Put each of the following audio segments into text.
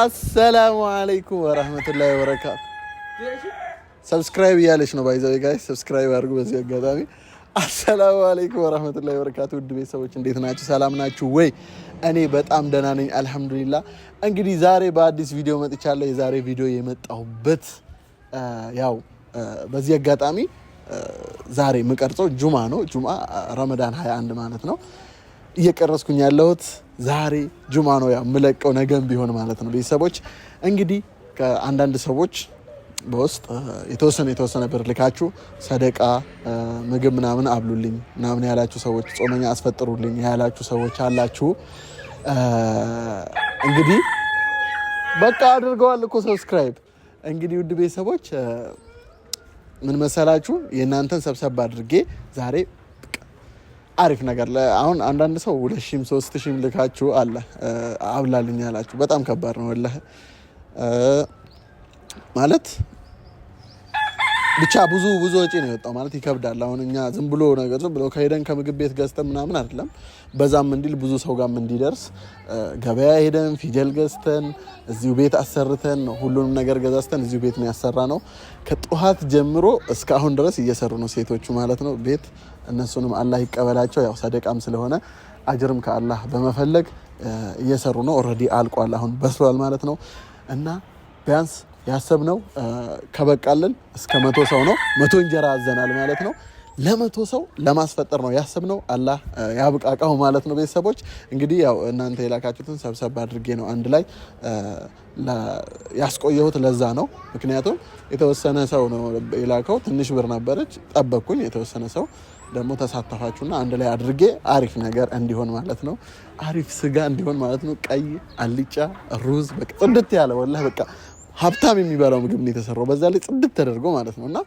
አሰላሙ አለይኩም ወራህመቱላሂ ወበረካቱ። ሰብስክራይብ እያለች ነው ባይዘው ጋይ ሰብስክራይብ አድርጉ። በዚህ አጋጣሚ አሰላሙ አለይኩም ወራህመቱላሂ ወበረካቱ። ውድ ቤተሰቦች እንዴት ናችሁ? ሰላም ናችሁ ወይ? እኔ በጣም ደህና ነኝ አልሐምዱሊላህ። እንግዲህ ዛሬ በአዲስ ቪዲዮ መጥቻለሁ። የዛሬ ቪዲዮ የመጣሁበት ያው በዚህ አጋጣሚ ዛሬ የምቀርጸው ጁማ ነው። ጁማ ረመዳን 21 ማለት ነው እየቀረስኩኝ ያለሁት ዛሬ ጁማ ነው የምለቀው፣ ነገም ቢሆን ማለት ነው። ቤተሰቦች እንግዲህ አንዳንድ ሰዎች በውስጥ የተወሰነ የተወሰነ ብር ልካችሁ ሰደቃ ምግብ ምናምን አብሉልኝ ምናምን ያላችሁ ሰዎች፣ ጾመኛ አስፈጥሩልኝ ያላችሁ ሰዎች አላችሁ። እንግዲህ በቃ አድርገዋል እኮ ሰብስክራይብ። እንግዲህ ውድ ቤተሰቦች ምን መሰላችሁ የእናንተን ሰብሰብ አድርጌ ዛሬ አሪፍ ነገር አሁን አንዳንድ ሰው ሁለት ሺህም ሶስት ሺህም ልካችሁ አለ አብላልኝ ያላችሁ በጣም ከባድ ነው። ወላሂ ማለት ብቻ ብዙ ብዙ ወጪ ነው የወጣው ማለት ይከብዳል። አሁን እኛ ዝም ብሎ ነገር ዝም ብሎ ከሄደን ከምግብ ቤት ገዝተን ምናምን አይደለም፣ በዛም እንዲል ብዙ ሰው ጋም እንዲደርስ ገበያ ሄደን ፊደል ገዝተን እዚሁ ቤት አሰርተን ሁሉንም ነገር ገዛዝተን እዚሁ ቤት ነው ያሰራ ነው። ከጠዋት ጀምሮ እስካሁን ድረስ እየሰሩ ነው ሴቶቹ ማለት ነው ቤት እነሱንም አላህ ይቀበላቸው። ያው ሰደቃም ስለሆነ አጅርም ከአላህ በመፈለግ እየሰሩ ነው። ኦልሬዲ አልቋል፣ አሁን በስሏል ማለት ነው እና ቢያንስ ያሰብነው ከበቃልን እስከ መቶ ሰው ነው። መቶ እንጀራ አዘናል ማለት ነው። ለመቶ ሰው ለማስፈጠር ነው ያሰብነው። አላህ ያብቃቃው ማለት ነው። ቤተሰቦች እንግዲህ ያው እናንተ የላካችሁትን ሰብሰብ አድርጌ ነው አንድ ላይ ያስቆየሁት። ለዛ ነው ምክንያቱም የተወሰነ ሰው ነው የላከው። ትንሽ ብር ነበረች፣ ጠበቅኩኝ። የተወሰነ ሰው ደግሞ ተሳተፋችሁና አንድ ላይ አድርጌ አሪፍ ነገር እንዲሆን ማለት ነው። አሪፍ ስጋ እንዲሆን ማለት ነው። ቀይ አልጫ ሩዝ፣ በቃ ጽድት ያለ ወላሂ በቃ ሀብታም የሚበላው ምግብ ነው የተሰራው። በዛ ላይ ጽድት ተደርጎ ማለት ነው እና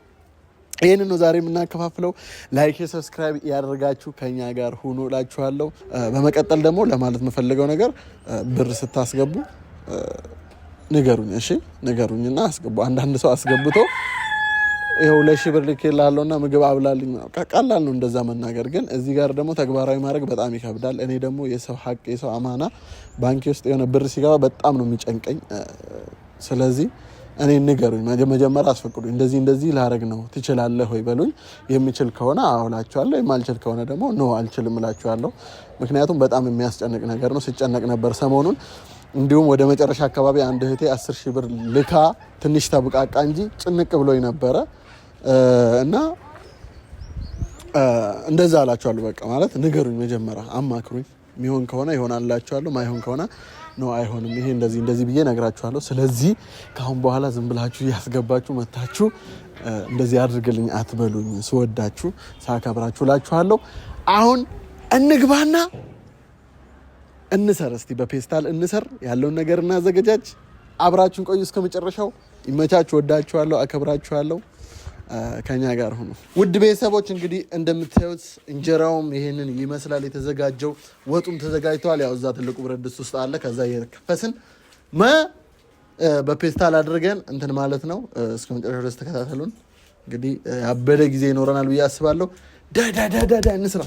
ይህንን ነው ዛሬ የምናከፋፍለው። ላይክ ሰብስክራይብ ያደርጋችሁ ከኛ ጋር ሁኑ እላችኋለሁ። በመቀጠል ደግሞ ለማለት የምፈልገው ነገር ብር ስታስገቡ ንገሩኝ፣ እሺ ንገሩኝና አስገቡ። አንዳንድ ሰው አስገብቶ ይኸው ለሺ ብር ልክ ላለውና ምግብ አብላልኝ ቀላል ነው እንደዛ መናገር። ግን እዚህ ጋር ደግሞ ተግባራዊ ማድረግ በጣም ይከብዳል። እኔ ደግሞ የሰው ሀቅ የሰው አማና ባንኪ ውስጥ የሆነ ብር ሲገባ በጣም ነው የሚጨንቀኝ። ስለዚህ እኔ ንገሩኝ፣ መጀመሪያ አስፈቅዱኝ። እንደዚህ እንደዚህ ላረግ ነው ትችላለህ ወይ በሉኝ። የምችል ከሆነ አዎ እላችኋለሁ፣ የማልችል ከሆነ ደግሞ ኖ አልችልም እላችኋለሁ። ምክንያቱም በጣም የሚያስጨንቅ ነገር ነው። ስጨነቅ ነበር ሰሞኑን። እንዲሁም ወደ መጨረሻ አካባቢ አንድ እህቴ አስር ሺህ ብር ልካ ትንሽ ተብቃቃ እንጂ ጭንቅ ብሎኝ ነበረ እና እንደዛ አላችኋለሁ። በቃ ማለት ንገሩኝ፣ መጀመሪያ አማክሩኝ። የሚሆን ከሆነ ይሆናል ማይሆን ከሆነ ነው አይሆንም፣ ይሄ እንደዚህ እንደዚህ ብዬ ነግራችኋለሁ። ስለዚህ ከአሁን በኋላ ዝም ብላችሁ እያስገባችሁ መታችሁ እንደዚህ አድርግልኝ አትበሉኝ፣ ስወዳችሁ ሳከብራችሁ እላችኋለሁ። አሁን እንግባና እንሰር፣ እስቲ በፔስታል እንሰር። ያለውን ነገር እናዘገጃጅ። አብራችሁን ቆዩ እስከ መጨረሻው። ይመቻችሁ። ወዳችኋለሁ፣ አከብራችኋለሁ። ከኛ ጋር ሆኖ ውድ ቤተሰቦች እንግዲህ እንደምታዩት እንጀራውም ይሄንን ይመስላል የተዘጋጀው። ወጡም ተዘጋጅተዋል። ያው እዛ ትልቁ ብረት ድስት ውስጥ አለ። ከዛ እየከፈስን መ በፔስታል አድርገን እንትን ማለት ነው። እስከ መጨረሻ ድረስ ተከታተሉን። እንግዲህ ያበደ ጊዜ ይኖረናል ብዬ አስባለሁ። ዳዳዳዳዳ እንስራ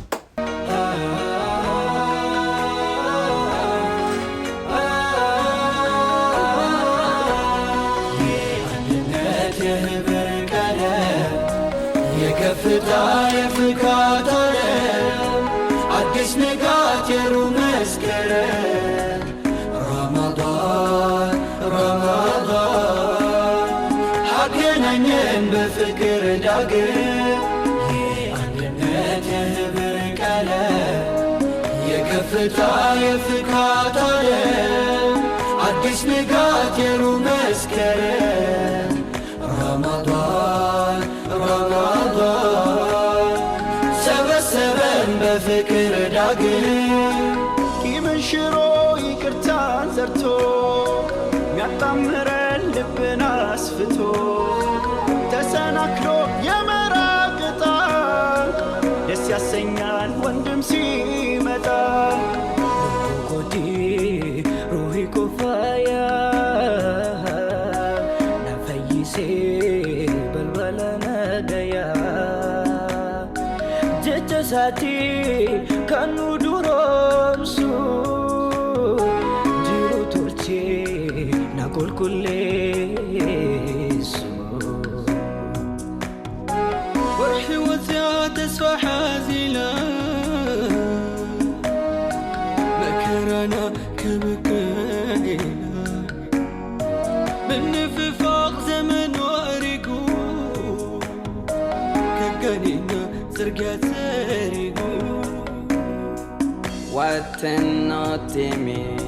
ከፍታ የፍካት አለም አዲስ ንጋት የሩብ መስከረም ረመዳን ረመዳን አገናኘን በፍቅር ዳግም የአንድነት የህብር ቀለም የከፍታ የፍካት አለም አዲስ ንጋት የሩብ መስከረም ረመዳን ሽሮ ይቅርታን ዘርቶ ሚያጣምረን ልብን አስፍቶ ተሰናክሎ የመራቅ ደስ ያሰኛል ወንድም ሲመጣ ጎዲ ሩሂ ኩፋያ ናፈይሴ በልበለ ነገያ jecha ከኑ kan ناكل كل السوق وارحي وثيات اسوى حازلة مكرنا كبكينا من في فاق زمن وارقو كقنينا زرقات سارقو واتنو تمين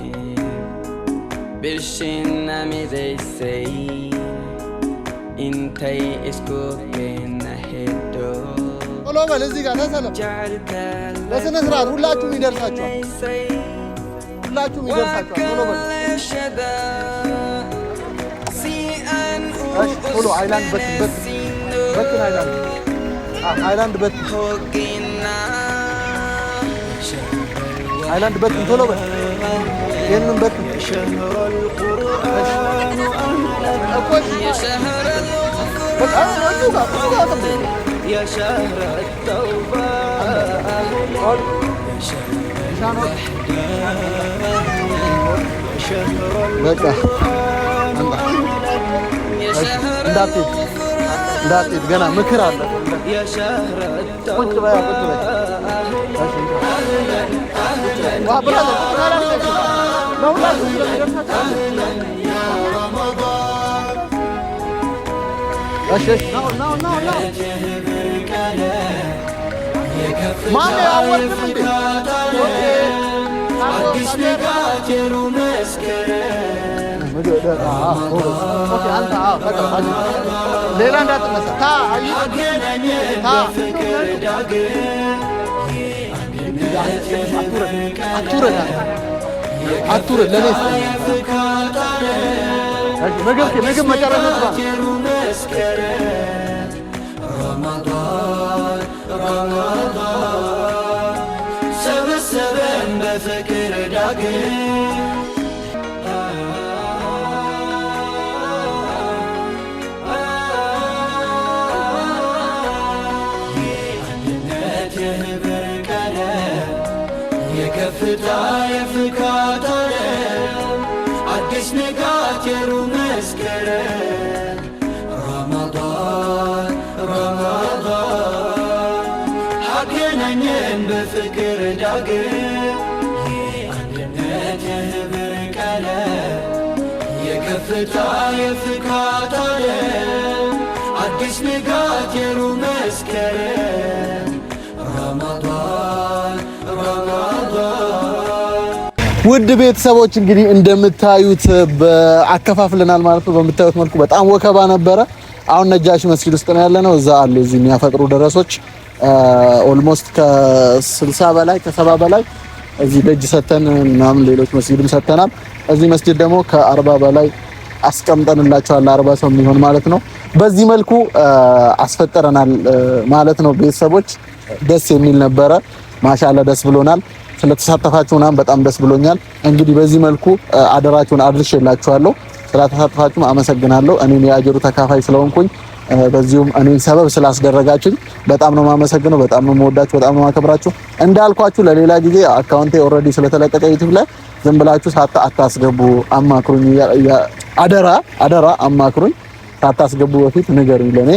بالشنم ريسي انتي اسكو بين هدو ቶሎ በል እዚህ ጋር ተሰለፍ። በስነ በትን ቶሎ በል ይህንን በትን እንዳትሄድ ገና ምክር አለ። ቁጭ በይ ቁጭ በይ ሌላ እንዳትነሳ ታ አቱረታ አቱር ለኔ ምግብ ምግብ መጨረሻ ሰበሰበን በፍቅር ዳግም የፍዳ የፍካታ አዲስ ንጋት የሩ መስከረም ረመዳን ረመዳን አገናኘን በፍቅር ዳግም የአንድነት የህብር ቀለም የከፍታ የፍካታ አዲስ ንጋት የሩ መስከረም ውድ ቤተሰቦች እንግዲህ እንደምታዩት አከፋፍለናል ማለት ነው። በምታዩት መልኩ በጣም ወከባ ነበረ። አሁን ነጃሽ መስጊድ ውስጥ ነው ያለነው። እዛ አሉ እዚህ የሚያፈጥሩ ደረሶች ኦልሞስት ከስልሳ በላይ ከሰባ በላይ እዚህ ደጅ ሰተን ምናምን ሌሎች መስጊድም ሰተናል። እዚህ መስጊድ ደግሞ ከአርባ በላይ አስቀምጠንላቸዋል አርባ ሰው የሚሆን ማለት ነው። በዚህ መልኩ አስፈጠረናል ማለት ነው ቤተሰቦች። ደስ የሚል ነበረ። ማሻላ ደስ ብሎናል። ስለተሳተፋችሁ ምናምን በጣም ደስ ብሎኛል። እንግዲህ በዚህ መልኩ አደራችሁን አድርሼላችኋለሁ። ስለተሳተፋችሁም አመሰግናለሁ። እኔም የአጀሩ ተካፋይ ስለሆንኩኝ በዚሁም እኔን ሰበብ ስላስደረጋችሁኝ በጣም ነው የማመሰግነው። በጣም ነው የምወዳችሁ። በጣም ነው የማከብራችሁ። እንዳልኳችሁ ለሌላ ጊዜ አካውንቴ ኦልሬዲ ስለተለቀቀ ዩቲዩብ ላይ ዝም ብላችሁ ሳታ አታስገቡ። አማክሩኝ፣ አደራ አደራ፣ አማክሩኝ ታታስገቡ በፊት ንገሩኝ ለኔ።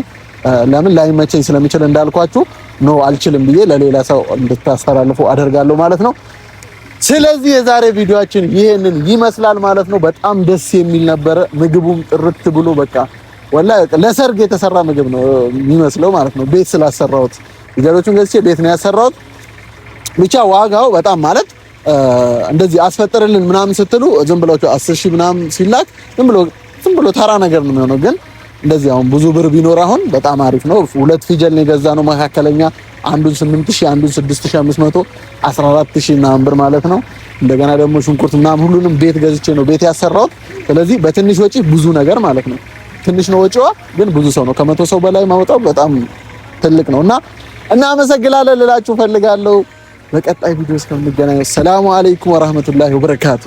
ለምን ላይመቸኝ ስለሚችል እንዳልኳችሁ ኖ አልችልም ብዬ ለሌላ ሰው እንድታስተላልፉ አደርጋለሁ ማለት ነው። ስለዚህ የዛሬ ቪዲዮአችን ይሄንን ይመስላል ማለት ነው። በጣም ደስ የሚል ነበረ። ምግቡም ጥርት ብሎ በቃ ወላ ለሰርግ የተሰራ ምግብ ነው የሚመስለው ማለት ነው። ቤት ስላሰራሁት ይገሮቹን ገዝቼ ቤት ነው ያሰራሁት። ብቻ ዋጋው በጣም ማለት እንደዚህ አስፈጥርልን ምናምን ስትሉ ዝም ብሎ 10 ሺህ ምናምን ሲላክ ዝም ብሎ ዝም ብሎ ተራ ነገር ነው የሚሆነው ግን እንደዚህ አሁን ብዙ ብር ቢኖር አሁን በጣም አሪፍ ነው። ሁለት ፊጀል ነው የገዛ ነው መካከለኛ፣ አንዱን 8000 አንዱን 6500 14000 ምናምን ብር ማለት ነው። እንደገና ደግሞ ሽንኩርት ምናምን ሁሉንም ቤት ገዝቼ ነው ቤት ያሰራሁት። ስለዚህ በትንሽ ወጪ ብዙ ነገር ማለት ነው። ትንሽ ነው ወጪዋ፣ ግን ብዙ ሰው ነው ከመቶ ሰው በላይ ማውጣው በጣም ትልቅ ነው እና እናመሰግናለን ልላችሁ ፈልጋለሁ። በቀጣይ ቪዲዮ እስከምንገናኝ ሰላሙ አለይኩም ወራህመቱላሂ ወበረካቱ።